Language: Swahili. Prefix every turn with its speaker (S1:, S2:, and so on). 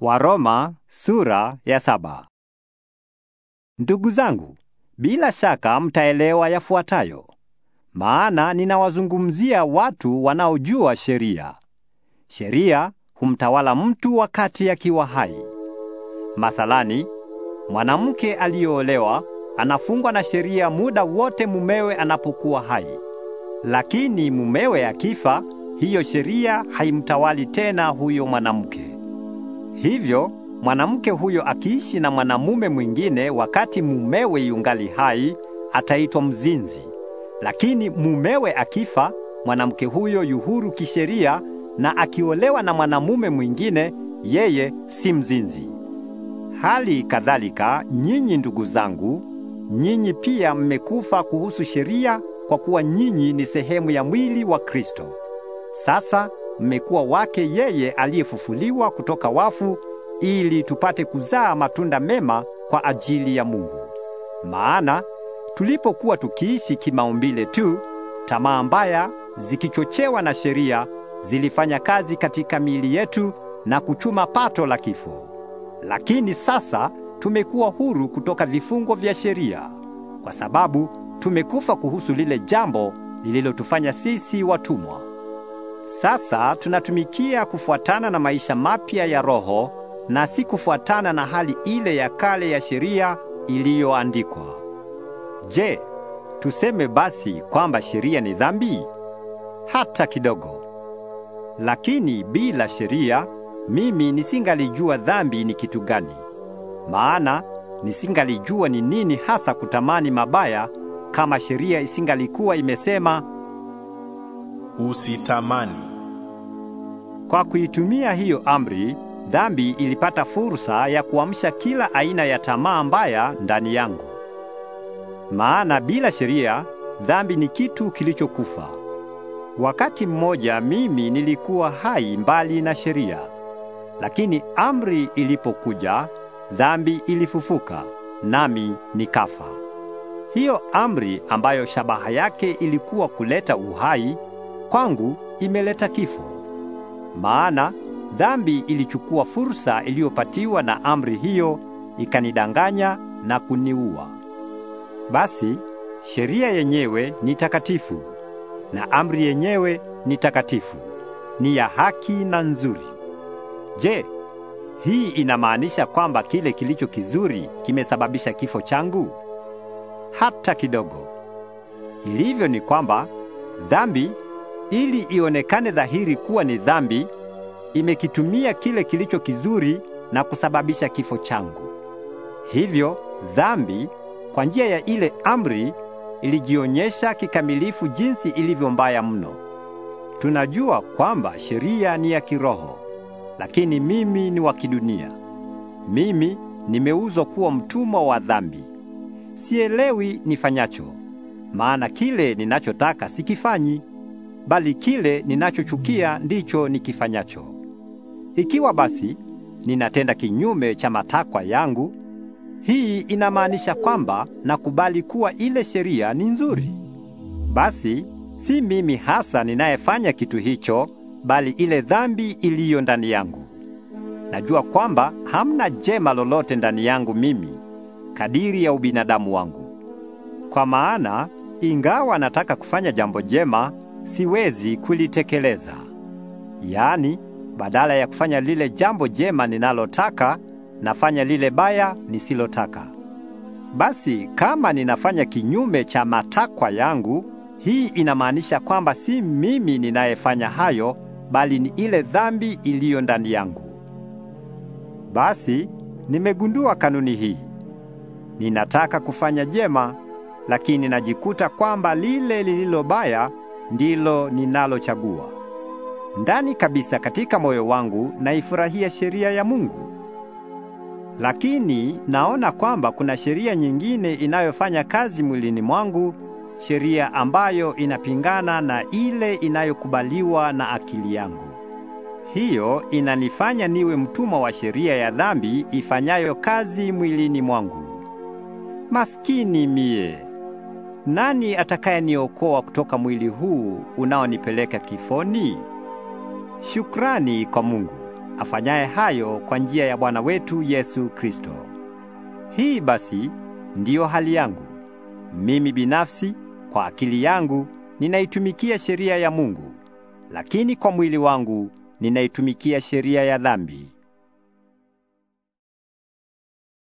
S1: Waroma sura ya saba. Ndugu zangu, bila shaka mtaelewa yafuatayo. Maana ninawazungumzia watu wanaojua sheria. Sheria humtawala mtu wakati akiwa hai. Mathalani, mwanamke aliyeolewa anafungwa na sheria muda wote mumewe anapokuwa hai. Lakini mumewe akifa, hiyo sheria haimtawali tena huyo mwanamke. Hivyo mwanamke huyo akiishi na mwanamume mwingine wakati mumewe yungali hai ataitwa mzinzi, lakini mumewe akifa, mwanamke huyo yuhuru kisheria, na akiolewa na mwanamume mwingine, yeye si mzinzi. Hali kadhalika nyinyi, ndugu zangu, nyinyi pia mmekufa kuhusu sheria, kwa kuwa nyinyi ni sehemu ya mwili wa Kristo. Sasa mmekuwa wake yeye aliyefufuliwa kutoka wafu, ili tupate kuzaa matunda mema kwa ajili ya Mungu. Maana tulipokuwa tukiishi kimaumbile tu, tamaa mbaya zikichochewa na sheria zilifanya kazi katika miili yetu na kuchuma pato la kifo. Lakini sasa tumekuwa huru kutoka vifungo vya sheria, kwa sababu tumekufa kuhusu lile jambo lililotufanya sisi watumwa. Sasa tunatumikia kufuatana na maisha mapya ya Roho na si kufuatana na hali ile ya kale ya sheria iliyoandikwa. Je, tuseme basi kwamba sheria ni dhambi? Hata kidogo. Lakini bila sheria mimi nisingalijua dhambi ni kitu gani. Maana nisingalijua ni nini hasa kutamani mabaya kama sheria isingalikuwa imesema usitamani. Kwa kuitumia hiyo amri, dhambi ilipata fursa ya kuamsha kila aina ya tamaa mbaya ndani yangu. Maana bila sheria, dhambi ni kitu kilichokufa. Wakati mmoja mimi nilikuwa hai mbali na sheria. Lakini amri ilipokuja, dhambi ilifufuka, nami nikafa. Hiyo amri ambayo shabaha yake ilikuwa kuleta uhai kwangu imeleta kifo. Maana dhambi ilichukua fursa iliyopatiwa na amri hiyo, ikanidanganya na kuniua. Basi sheria yenyewe ni takatifu na amri yenyewe ni takatifu, ni ya haki na nzuri. Je, hii inamaanisha kwamba kile kilicho kizuri kimesababisha kifo changu? Hata kidogo. Ilivyo ni kwamba dhambi ili ionekane dhahiri kuwa ni dhambi, imekitumia kile kilicho kizuri na kusababisha kifo changu. Hivyo dhambi kwa njia ya ile amri ilijionyesha kikamilifu jinsi ilivyo mbaya mno. Tunajua kwamba sheria ni ya kiroho, lakini mimi ni wa kidunia. Mimi nimeuzwa kuwa mtumwa wa dhambi. Sielewi nifanyacho, maana kile ninachotaka sikifanyi bali kile ninachochukia ndicho nikifanyacho. Ikiwa basi ninatenda kinyume cha matakwa yangu, hii inamaanisha kwamba nakubali kuwa ile sheria ni nzuri. Basi si mimi hasa ninayefanya kitu hicho, bali ile dhambi iliyo ndani yangu. Najua kwamba hamna jema lolote ndani yangu mimi, kadiri ya ubinadamu wangu. Kwa maana ingawa nataka kufanya jambo jema, siwezi kulitekeleza. Yaani, badala ya kufanya lile jambo jema ninalotaka, nafanya lile baya nisilotaka. Basi kama ninafanya kinyume cha matakwa yangu, hii inamaanisha kwamba si mimi ninayefanya hayo, bali ni ile dhambi iliyo ndani yangu. Basi nimegundua kanuni hii. Ninataka kufanya jema, lakini najikuta kwamba lile lililo baya ndilo ninalochagua. Ndani kabisa katika moyo wangu naifurahia sheria ya Mungu. Lakini naona kwamba kuna sheria nyingine inayofanya kazi mwilini mwangu, sheria ambayo inapingana na ile inayokubaliwa na akili yangu. Hiyo inanifanya niwe mtumwa wa sheria ya dhambi ifanyayo kazi mwilini mwangu. Maskini mie! nani atakayeniokoa kutoka mwili huu unaonipeleka kifoni? Shukrani kwa Mungu afanyaye hayo kwa njia ya Bwana wetu Yesu Kristo. Hii basi ndiyo hali yangu mimi binafsi. Kwa akili yangu ninaitumikia sheria ya Mungu, lakini kwa mwili wangu ninaitumikia sheria ya dhambi.